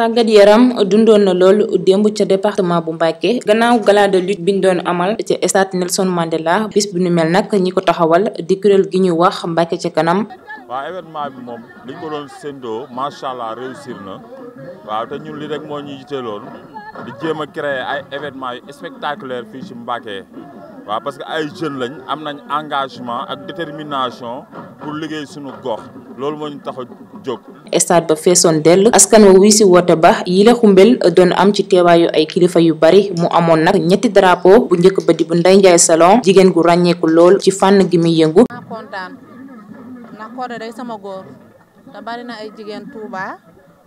tàggat yaram dundoon na loolu démb ca département bu Mbàkke gannaaw gala de lutte biñ doon amal ca stade Nelson Mandela bis bu ñu mel nag ñi ko taxawal di kuréel gi ñu wax Mbàkke ca kanam. waa événement bi moom liñ ko doon séndoo macha allah réussir na waaw te ñun li rek moo ñu yite loolu di jéem a créer ay événement yu spectaculaire fii ci Mbàkke waaw parce que ay jeunes lañ am nañ engagement ak détermination pour liggéey suñu gox loolu moo ñu tax jóg. stade ba feesoon dell askan wa wuy woote ba yi la xumbel doon am ci teewaayu ay kilifa yu bari mu amoon nag ñetti drapeau bu njëkk ba di bu Ndeye Salon jigéen gu ràññeeku lool ci fànn gi muy yëngu. naa kontaan ndax Codé day sama góor te bari na ay jigéen Touba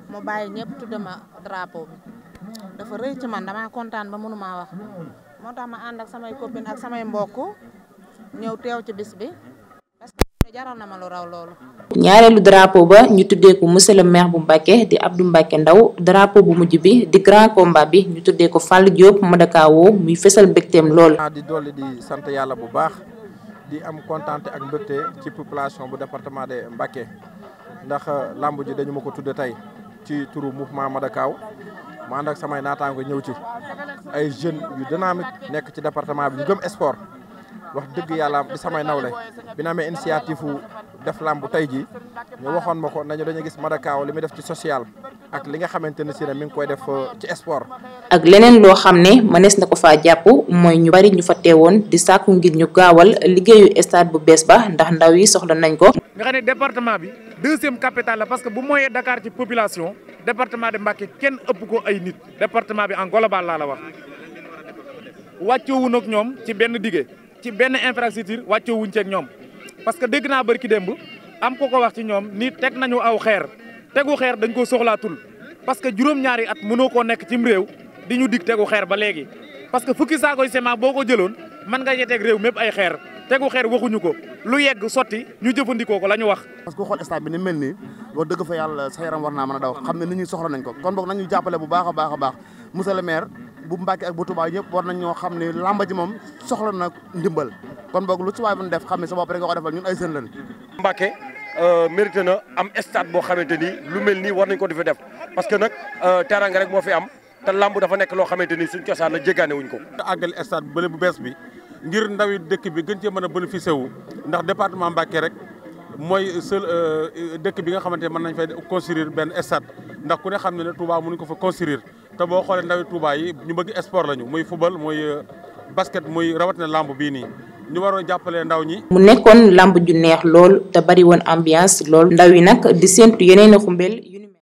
mu bàyyi ñëpp tudd ma bi dafa rëy ci man dama kontaan ba mënu maa wax moo tax ma ànd ak samay copine ak samay mbokk ñëw teew ci bis bi. jaral na ma lu raw ñaareelu drapeau ba ñu tuddee ko monsieur le maire bu Mbacké di Abdou Mbacké Ndaw drapeau bu mujj bi di grand combat bi ñu tuddee ko Fallou Diop Madakawo muy fesal mbégteem lool. di dolli di sant yàlla bu baax di am kontante ak mbégte ci population bu département de Mbacké ndax euh, lamb dañu ma ko tudde tey ci turu ma Madakaw ma ànd ak samay naataango ñëw ci ay jeunes yu dynamique nekk ci département bi ñu gëm sport. wax dëgg yàlla di samay nawle bi na amee initiative def làmb tey ji ñu waxoon ma ko nañu dañu gis Madakaw li muy def ci social ak li nga xamante ne si ne mi ngi koy def euh, ci sport. ak leneen loo xam ne mënees na ko faa jàpp mooy ñu bari ñu fa teewoon di sàkku ngir ñu gaawal liggéeyu stade bu bees ba ndax ndaw yi soxla nañ ko. nga xam ne département bi deuxième capitale la parce que bu mooyee Dakar ci population département de Mbacké kenn ëpp ko ay nit département bi en laa la wax ñoom ci benn dige. ci benn infrastructure wàccoo wuñ ceeg ñoom parce que dégg naa bari ki démb am ko ko wax ci ñoom ni teg nañu aw xeer tegu xeer dañ ko soxlaatul parce que juróom-ñaari at mënoo koo nekk cim réew di ñu dig tegu xeer ba léegi parce que fukki saakoy ciment boo ko jëloon mën nga yeteeg réew mépp ay xeer tegu xeer waxuñu ko lu yegg sotti ñu jëfandikoo ko la ñu wax parce que xool stade bi ni mel nii wax dëgg fa yàlla sa yaram war naa a daw xam ne nit ñi soxla ko kon boog nañu jàppale bu baax a baax a baax monsieur le maire bu Mbàkke ak bu Tuubaa yëpp war nañ ñoo xam ne làmba ji moom soxla na ndimbal kon boog lu ci waay mën def xam ne sa bopp rek nga ko ay seen lan Mbàkke euh, mérité na am stade boo xamante ni lu mel nii war nañ ko di fi def parce que nag euh, teranga rek moo fi am te làmb dafa nekk loo xamante ni suñ cosaan a jéggaane wuñ ko àggal stade bële bu bees bi ngir ndawi dëkk bi gën cee mën a bénéficié wu ndax département Mbàkke rek mooy seul euh, dëkk bi nga xamante ne mën nañ fay construire benn stade ndax ku ne xam ne ne Touba mënuñ ko fa construire te boo xoolee ndawi Touba yi ñu bëgg sport lañu muy football muy euh, basket muy rawatina lamb bii nii ñu waroon jàppale ndaw ñi. mu nekkoon lamb ju neex lool te bari woon ambiance lool ndaw yi nag di séentu yeneen xumbeel.